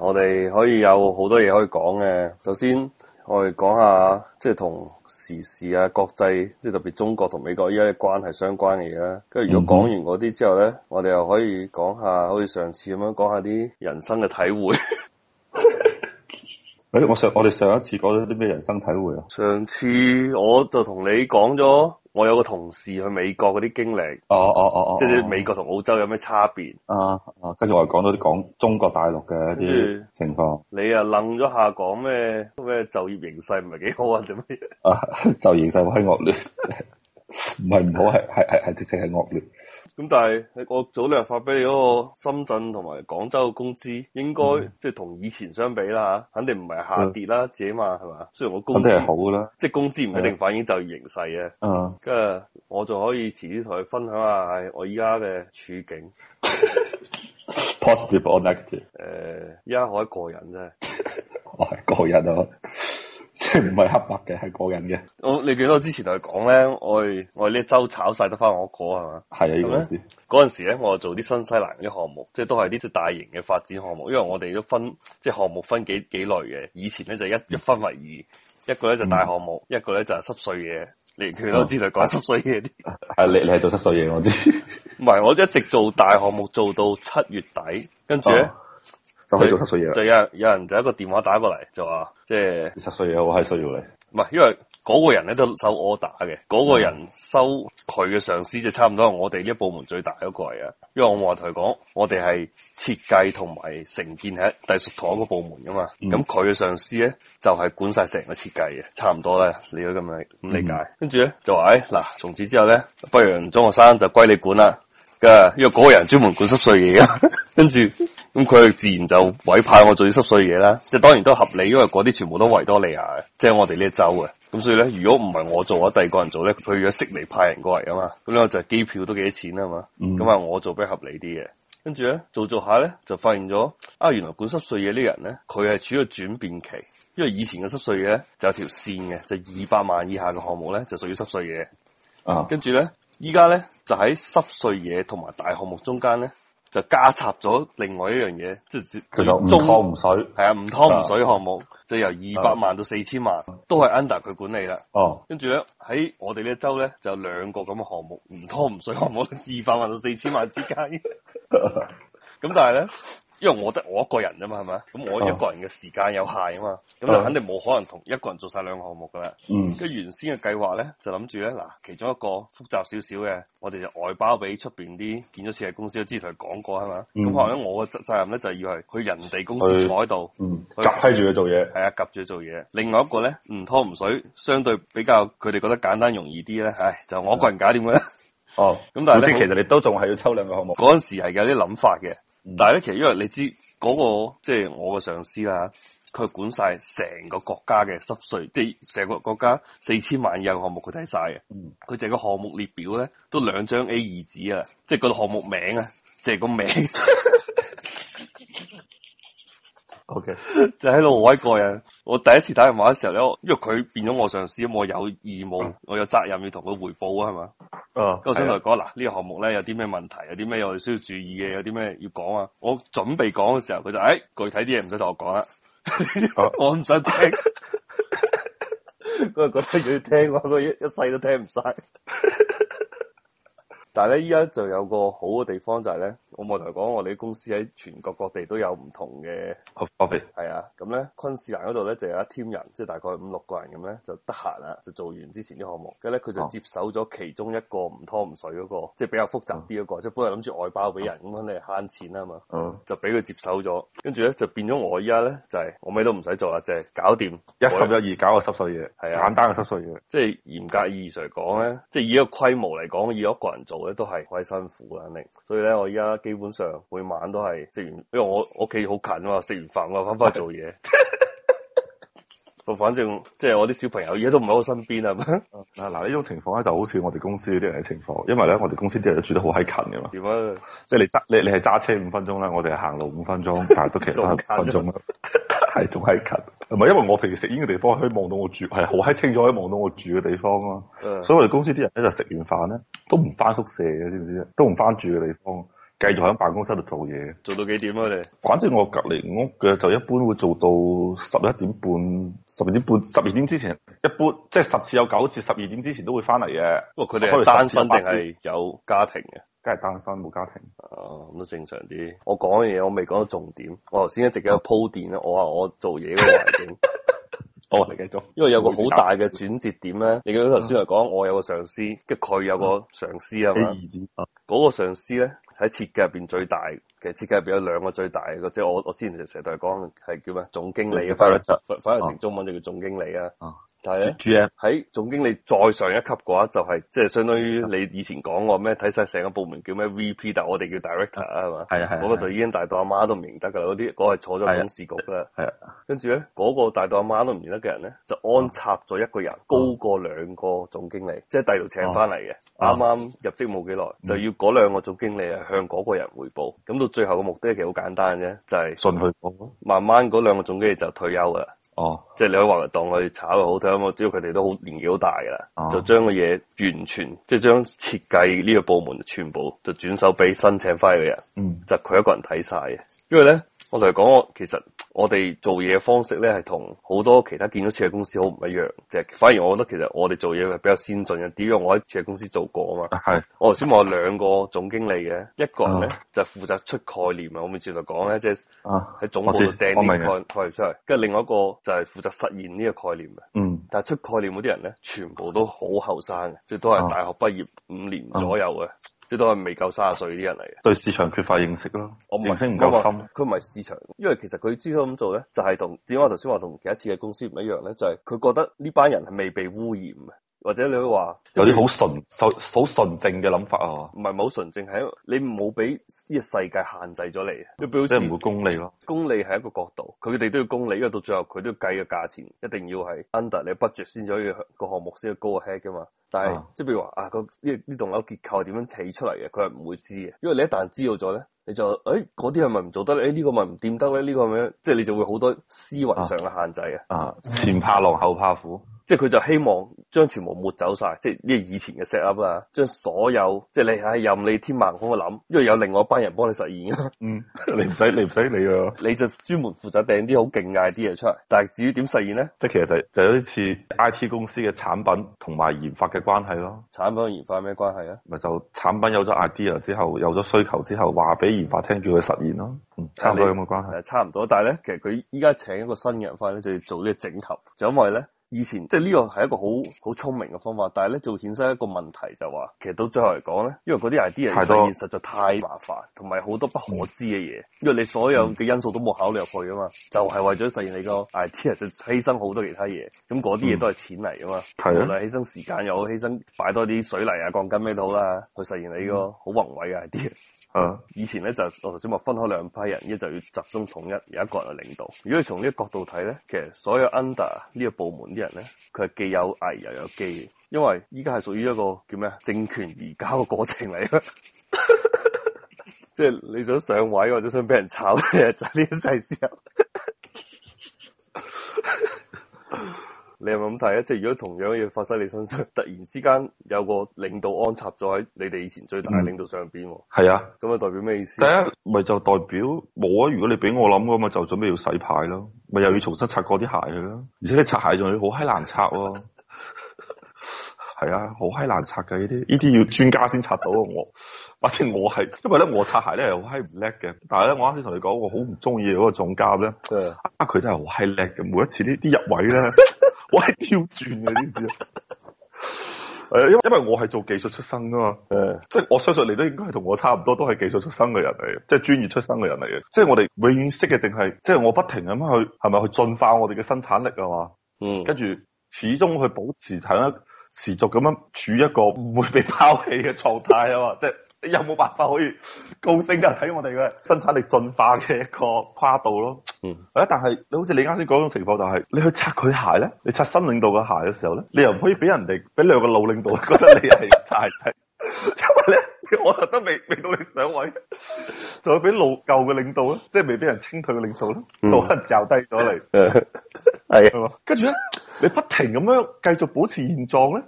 我哋可以有好多嘢可以講嘅。首先我，我哋講下即係同時事啊、國際，即係特別中國同美國依家啲關係相關嘅嘢啦。跟住如果講完嗰啲之後咧，我哋又可以講下，好似上次咁樣講下啲人生嘅體會。誒、 欸，我上我哋上一次講咗啲咩人生體會啊？上次我就同你講咗，我有個同事去美國嗰啲經歷。哦哦哦哦，即係美國同澳洲有咩差別啊？Oh, oh, oh. 跟住我講到啲講中國大陸嘅一啲情況，你呀愣咗下講咩咩就業形勢唔係幾好啊？點樣啊？就業形勢好係惡劣，唔係唔好，係係係係直情係惡劣。咁但係我早兩日發俾你嗰個深圳同埋廣州嘅工資，應該即係同以前相比啦，吓肯定唔係下跌啦，只、嗯、嘛係嘛？雖然我工資好啦，即係工資唔一定反映就業形勢啊。嗯，嗯跟住我仲可以遲啲同佢分享下我依家嘅處境。Positive or negative？誒、呃，而家我一個人啫， 我係個人啊。即係唔係黑白嘅，係個人嘅。我你記得我之前同佢講咧，我我呢周炒晒得翻我個係嘛？係啊，應該知。嗰陣時咧，我做啲新西蘭啲項目，即係都係啲大型嘅發展項目。因為我哋都分即係項目分幾幾類嘅。以前咧就一一分為二，嗯、一個咧就大項目，嗯、一個咧就係、是、濕碎嘢。你佢都知道，講、嗯、濕碎嘢啲。係你你係做濕碎嘢，我知。唔係，我一直做大項目，做到七月底，跟住咧就做七歲嘢啦。就有人有人就一個電話打過嚟，就話即係七歲嘢，我係需要你。唔係，因為嗰個人咧都收 order 嘅，嗰、嗯、個人收佢嘅上司就差唔多係我哋呢一部門最大一個嚟啊。因為我話同佢講，我哋係設計同埋承建喺隸屬同一個部門噶嘛。咁佢嘅上司咧就係、是、管晒成個設計嘅，差唔多啦。你咁樣咁理解？跟住咧就話，嗱、哎，從此之後咧，北洋中學生就歸你管啦。嘅，因為嗰個人專門管濕碎嘢嘅， 跟住咁佢自然就委派我做啲濕碎嘢啦，即係當然都合理，因為嗰啲全部都維多利亞嘅，即係我哋呢州嘅，咁所以咧，如果唔係我做，咁第二個人做咧，佢如果悉尼派人過嚟啊嘛，咁咧就機票都幾多錢啦嘛，咁啊、嗯、我做比較合理啲嘅，跟住咧做做下咧就發現咗，啊原來管濕碎嘢呢人咧，佢係處於轉變期，因為以前嘅濕碎嘢就有條線嘅，就二百萬以下嘅項目咧就屬於濕碎嘢，啊、嗯，嗯、跟住咧。依家咧就喺濕碎嘢同埋大項目中間咧，就加插咗另外一樣嘢，即係叫做唔湯唔水。係啊，唔湯唔水項目，啊、就由二百萬到四千萬，都係 under 佢管理啦。哦、啊，跟住咧喺我哋呢一週咧，就有兩個咁嘅項目，唔湯唔水項目，二百萬到四千萬之間。咁 但係咧。因為我得我一個人啊嘛，係咪？咁我一個人嘅時間有限啊嘛，咁就肯定冇可能同一個人做晒兩個項目噶啦。跟住原先嘅計劃咧，就諗住咧，嗱，其中一個複雜少少嘅，我哋就外包俾出邊啲建築設計公司。之前同佢講過，係嘛？咁可能咧，我嘅責責任咧就要係去人哋公司坐喺度，夾閪住佢做嘢。係啊，夾住佢做嘢。另外一個咧，唔拖唔水，相對比較佢哋覺得簡單容易啲咧。唉，就我一個人搞掂佢。咧？哦，咁但係咧，其實你都仲係要抽兩個項目。嗰陣時係有啲諗法嘅。但係咧，其實因為你知嗰、嗰個即係我嘅上司啊，佢管晒成個國家嘅濕碎，即係成個國家四千萬入項目佢睇晒嘅，佢淨係、嗯、個項目列表咧都兩張 A 二紙啊，即係嗰個項目名啊，即係個名。O K，就喺度我一個人，我第一次打電話嘅時候咧，因為佢變咗我上司，咁我有義務，嗯、我有責任要同佢匯報啊，係嘛？哦，咁我想同佢講嗱，呢的個項目咧有啲咩問題，有啲咩我哋需要注意嘅，有啲咩要講啊？我準備講嘅時候，佢就誒、哎，具體啲嘢唔使同我講啦， 啊、我唔想聽，我係 覺得要聽，我一一世都聽唔晒。 但係咧，依家就有個好嘅地方就係、是、咧。我冇同你講，我哋公司喺全國各地都有唔同嘅 office，係啊，咁咧昆士蘭嗰度咧就有一 team 人，即、就、係、是、大概五六個人咁咧，就得閒啦，就做完之前啲項目，跟咧佢就接手咗其中一個唔拖唔水嗰、那個，即係比較複雜啲嗰、那個，嗯、即係本來諗住外包俾人，咁肯定慳錢啦嘛，嗯，就俾佢接手咗，跟住咧就變咗我依家咧就係我咩都唔使做啦，就係、是就是、搞掂一 1, 我濕一二，搞個濕碎嘢，係啊，簡單個濕碎嘢，即係嚴格意義上嚟講咧，即係以一個規模嚟講，以我一個人做咧都係好辛苦嘅，肯定，所以咧我依家。基本上每晚都係食完，因為我屋企好近啊嘛，食完飯我翻翻去做嘢。我 反正即係、就是、我啲小朋友而家都唔喺我身邊 啊嘛。嗱，呢種情況咧就好似我哋公司啲人嘅情況，因為咧我哋公司啲人住得好閪近噶嘛。如果即係你揸你你係揸車五分鐘啦，我哋係行路五分鐘，但係都其實都係 五分鐘啦，近啊。係仲係近。唔係，因為我平時食煙嘅地方可以望到我住，係好閪清楚可以望到我住嘅地方嘛。 所以我哋公司啲人咧就食完飯咧都唔翻宿舍嘅，知唔知，不知？都唔翻住嘅地方。繼續喺辦公室度做嘢，做到幾點啊？你？反正我隔籬屋嘅就一般會做到十一點半、十二點半、十二點之前，一般即係十次有九次十二點之前都會翻嚟嘅。不過佢哋係單身定係有家庭嘅？梗係單身冇家庭。哦，咁都正常啲。我講嘅嘢我未講到重點，我頭先一直喺度鋪墊啦。我話我做嘢嘅環境。 哦，嚟，繼續，因為有個好大嘅轉折點咧。你記得頭先係講，嗯、我有個上司，即係佢有個上司啊。第二點，嗰個上司咧喺設計入邊最大，其實設計入邊有兩個最大嘅，即係我我之前就成日同佢講係叫咩？總經理啊，翻翻翻翻成、嗯、中文就叫總經理啊。嗯嗯但係咧，喺總經理再上一級嘅話，就係即係相當於你以前講過咩睇晒成個部門叫咩 VP，但係我哋叫 director 啊，係嘛？係啊係啊，嗰個就已經大到阿媽都唔認得噶啦。嗰啲嗰係坐咗董事局噶啦。係啊，跟住咧，嗰、嗰個大到阿媽都唔認得嘅人咧，就安插咗一個人高過兩個總經理，即係第度請翻嚟嘅，啱啱、啊、入職冇幾耐，啊、就要嗰兩個總經理啊向嗰個人匯報。咁、嗯、到最後嘅目的其實好簡單啫，就係順去講，慢慢嗰兩個總經理就退休啦。哦，即係、oh. 你可以話嚟當佢炒得好睇啊嘛，只要佢哋都好年紀好大嘅啦、oh.，就將個嘢完全即係將設計呢個部門全部就轉手俾申請翻嘅人，嗯，mm. 就佢一個人睇晒嘅，因為咧。我同你講，其實我哋做嘢嘅方式咧，係同好多其他建築設計公司好唔一樣，即係反而我覺得其實我哋做嘢係比較先進嘅，點解我喺設計公司做過啊嘛。係是，我頭先問，兩個總經理嘅，一個人咧、嗯、就負責出概念啊，我咪之前就講咧，即係喺總部度掟啲概概念出嚟，跟住另外一個就係負責實現呢個概念嘅。嗯。但係出概念嗰啲人咧，全部都好後生嘅，最多係大學畢業五年左右嘅。嗯嗯最多係未夠三十歲啲人嚟嘅，對市場缺乏認識咯，我認識唔夠深。佢唔係市場，因為其實佢之所以咁做咧，就係同點解我頭先話同其他次嘅公司唔一樣咧，就係、是、佢覺得呢班人係未被污染啊。或者你會話、就是、有啲好純、好好純正嘅諗法啊？唔係冇純正，係因為你唔好俾呢個世界限制咗你。即係唔會功利咯？功利係一個角度，佢哋都要功利，因為到最後佢都要計個價錢，一定要係 under 你 budget 先可以個項目先去 go ahead 噶嘛。但係即係譬如話啊，啊這個呢呢棟樓結構係點樣起出嚟嘅？佢係唔會知嘅，因為你一旦知道咗咧，你就誒嗰啲係咪唔做得咧？呢、哎這個咪唔掂得咧？呢、這個咩？即、就、係、是、你就會好多思維上嘅限制啊，啊！前怕狼後怕虎。即係佢就希望將全部抹走晒，即係呢以前嘅 set up 啦，將所有即係你係任你天馬行空咁諗，因為有另外一班人幫你實現。嗯，你唔使你唔使理噶， 你就專門負責掟啲好勁嘅啲嘢出嚟。但係至於點實現咧？即係其實就就有啲似 I T 公司嘅產品同埋研發嘅關係咯。產品研發係咩關係啊？咪就，就產品有咗 idea 之後有咗需求之後話俾研發聽叫佢實現咯。嗯，差唔多咁嘅關係。差唔多，但係咧，其實佢依家請一個新人翻嚟咧，就要做呢個整合，就因為咧。以前即係呢個係一個好好聰明嘅方法，但係咧就會衍生一個問題，就是，就話其實到最後嚟講咧，因為嗰啲 idea 實現實在太麻煩，同埋好多不可知嘅嘢，因為你所有嘅因素都冇考慮入去啊嘛，就係、是、為咗實現你個 idea 就犧牲好多其他嘢，咁嗰啲嘢都係錢嚟噶嘛，係啊、嗯，犧牲時間又好犧牲擺多啲水泥啊鋼筋咩都好啦，去實現你個好宏偉嘅 idea。啊！Uh, 以前咧就是，我頭先話分開兩批人，一就要集中統一，有一個人嚟領導。如果你從呢個角度睇咧，其實所有 under 呢個部門啲人咧，佢係既有危又有機，因為依家係屬於一個叫咩啊政權移交嘅過程嚟嘅，即 係 你想上位或者想俾人炒嘅 就呢一世時候。 你有冇咁睇啊？即係如果同樣嘢發生你身上，突然之間有個領導安插咗喺你哋以前最大嘅領導上邊，係、嗯、啊，咁啊代表咩意思？第一，咪就代表冇啊！如果你俾我諗嘅咁啊，就準備要洗牌咯，咪又要重新擦過啲鞋去咯，而且你擦鞋仲要好閪難擦，係啊，好閪、 啊、難擦嘅呢啲，呢啲要專家先擦到啊！我反正我係，因為咧我擦鞋咧又好閪唔叻嘅，但係咧我啱先同你講，我好唔中意嗰個總監咧，啊佢 真係好閪叻嘅，每一次呢啲入位咧。 我係要轉嘅，知唔知啊？誒，因因為我係做技術出身噶嘛，誒、 嗯，即係我相信你都應該係同我差唔多都，都係技術出身嘅人嚟嘅，即係專業出身嘅人嚟嘅。即係我哋永遠識嘅淨係，即係我不停咁去，係咪去進化我哋嘅生產力啊嘛？嗯，跟住始終去保持喺一持續咁樣處一個唔會被拋棄嘅狀態啊嘛，即係。你有冇辦法可以高興嘅睇我哋嘅生產力進化嘅一個跨度咯？嗯，啊，但係你好似你啱先講嗰種情況，就是，就係你去拆佢鞋咧，你拆新領導嘅鞋嘅時候咧，你又唔可以俾人哋俾兩個老領導覺得你係太細， 因為咧，我覺得未未到你上位，就會俾老舊嘅領導咧，即係未俾人清退嘅領導咧，嗯、就可能掉低咗嚟，係啊 的，跟住咧，你不停咁樣繼續保持現狀咧。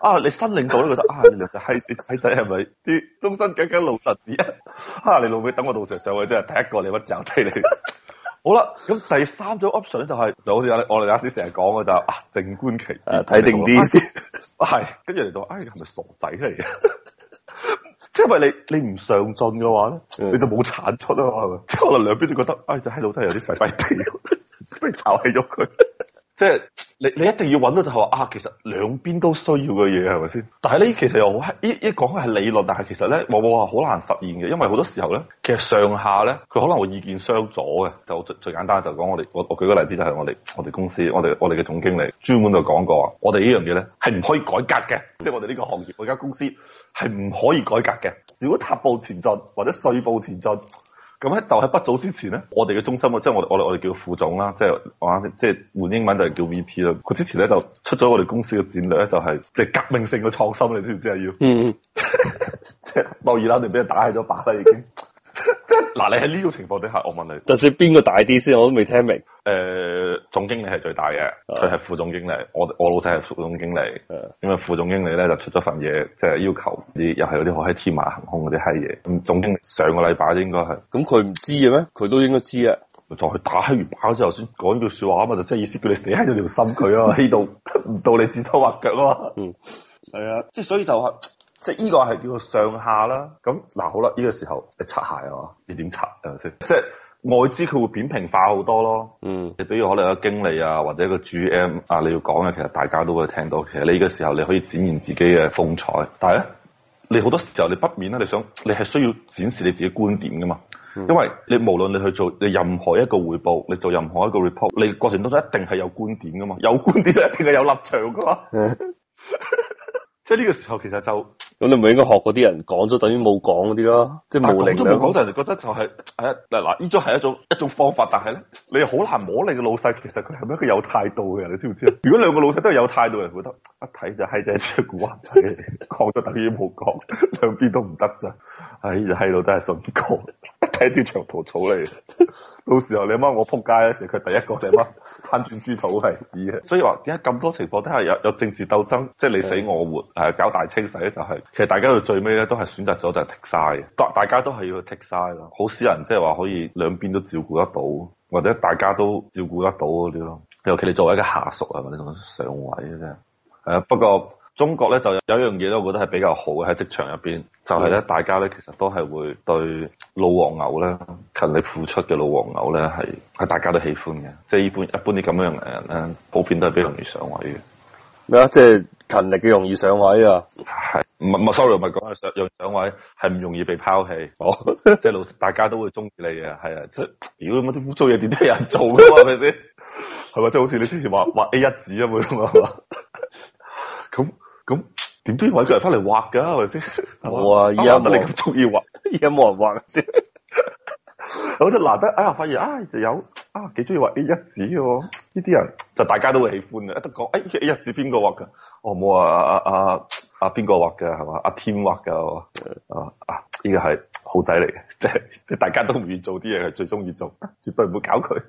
啊！你新領導都覺得啊，原來就係你睇睇係咪啲忠心耿耿老實啲啊？啊！你老尾等我到時上去，真係第一個你屈走低你。 好啦，咁第三種 option 就係、是、就好似我哋我哋啱先成日講嘅就是、啊，靜觀其變，睇、啊、定啲先。係跟住嚟到，哎、係、啊、咪、啊、傻仔嚟啊？即係因為你你唔上進嘅話咧，你就冇產出啊係咪？即可能兩邊就兩邊都覺得，哎，就閪佬真係有啲廢廢哋，都炒起咗佢，即係。你你一定要揾到就係話啊，其實兩邊都需要嘅嘢係咪先？但係呢，其實又好一一講嘅係理論，但係其實咧，冇冇話好難實現嘅，因為好多時候咧，其實上下咧，佢可能會意見相左嘅。就最最簡單就講我哋，我我舉個例子就係我哋我哋公司，我哋我哋嘅總經理專門就講過，我哋呢樣嘢咧係唔可以改革嘅，即係我哋呢個行業我間公司係唔可以改革嘅，如果踏步前進或者碎步前進。咁咧就喺不早之前咧，我哋嘅中心，即係我我我哋叫副總啦，即係玩即係換英文就係叫 V P 啦。佢之前咧就出咗我哋公司嘅戰略咧，就係即係革命性嘅創新，你知唔知啊？要，嗯， 即係諾依拉定俾人打起咗把啦，已經。 即係嗱，你喺呢種情況底下，我問你，就算邊個大啲先，我都未聽明。誒、呃。總經理係最大嘅，佢係副總經理，我我老細係副總經理，咁啊的副總經理咧就出咗份嘢，即係要求啲又係嗰啲好閪天馬行空嗰啲閪嘢，咁總經理上個禮拜應該係，咁佢唔知嘅咩？佢都應該知啊，就去打閪完包之後先講句說話啊嘛，就即係意思叫你死喺度條心佢啊，呢度唔到你指手畫腳啊嘛，嗯，係啊，即係所以就話、是。即係依個係叫做上下啦，咁嗱好啦，呢、呢個時候你擦鞋啊你點擦啊先？即係外資佢會扁平化好多咯。嗯，你比如可能有個經理啊，或者一個 GM 啊，你要講嘅其實大家都會聽到。其實你依個時候你可以展現自己嘅風采，但係咧，你好多時候你不免咧、啊，你想你係需要展示你自己觀點噶嘛？嗯、因為你無論你去做你任何一個匯報，你做任何一個 report，你過程當中一定係有觀點噶嘛？有觀點一定係有立場噶嘛？嗯、 即係呢個時候其實就。咁你咪應該學嗰啲人講，咗，等於冇講嗰啲咯，即係是無零兩講，就係覺得就係、是，誒嗱嗱，呢種係一種一種方法，但係咧，你好難摸，摸你個老細，其實佢係咪一個有態度嘅人，你知唔知啊？ 如果兩個老細都係有態度嘅，人，覺得一睇，就係就係一隻古惑仔，講咗 等於冇講，兩邊都唔得咋，係係老真係信講。睇條 長蒲草嚟， 到時候你媽我撲街嘅時，佢第一個你媽翻轉豬肚係屎啊！所以話點解咁多情況都係有有政治鬥爭，即係你死我活，係搞大清洗就係，其實大家到最尾咧都係選擇咗就 take side，大大家都係要去 take side 咯，好少人即係話可以兩邊都照顧得到，或者大家都照顧得到嗰啲咯。尤其你作為一個下屬啊，或者咁樣上位嘅啫，係啊，不過。中國咧就有一樣嘢咧，我覺得係比較好嘅喺職場入邊，就係、是、咧大家咧其實都係會對老黃牛咧勤力付出嘅老黃牛咧係係大家都喜歡嘅，即、就、係、是、一般一般啲咁樣嘅人咧，普遍都係比較容易上位嘅。咩啊？即係勤力嘅容易上位啊？係唔係？唔係，sorry，唔係講係上上位，係唔容易被拋棄。哦、 即係老大家都會中意你嘅，係啊！即係如果咁啲污糟嘢點都有人做嘅嘛？係咪先？係咪？即係好似你之前話畫 A 一紙咁樣嘛？ 咁點都要搵個人翻嚟畫噶係咪先？我啊，而家唔你咁中意畫，而家冇人畫先。咁就難得哎呀，發現啊、哎，就有啊，幾中意畫 A1 紙嘅喎。呢啲人就大家都會喜歡嘅，一得講誒，A1 紙邊個畫嘅？我冇啊啊啊啊，邊個畫嘅係嘛？阿天畫嘅，啊啊，呢個係好仔嚟嘅，即係大家都唔願做啲嘢，係最中意做，絕對唔會搞佢。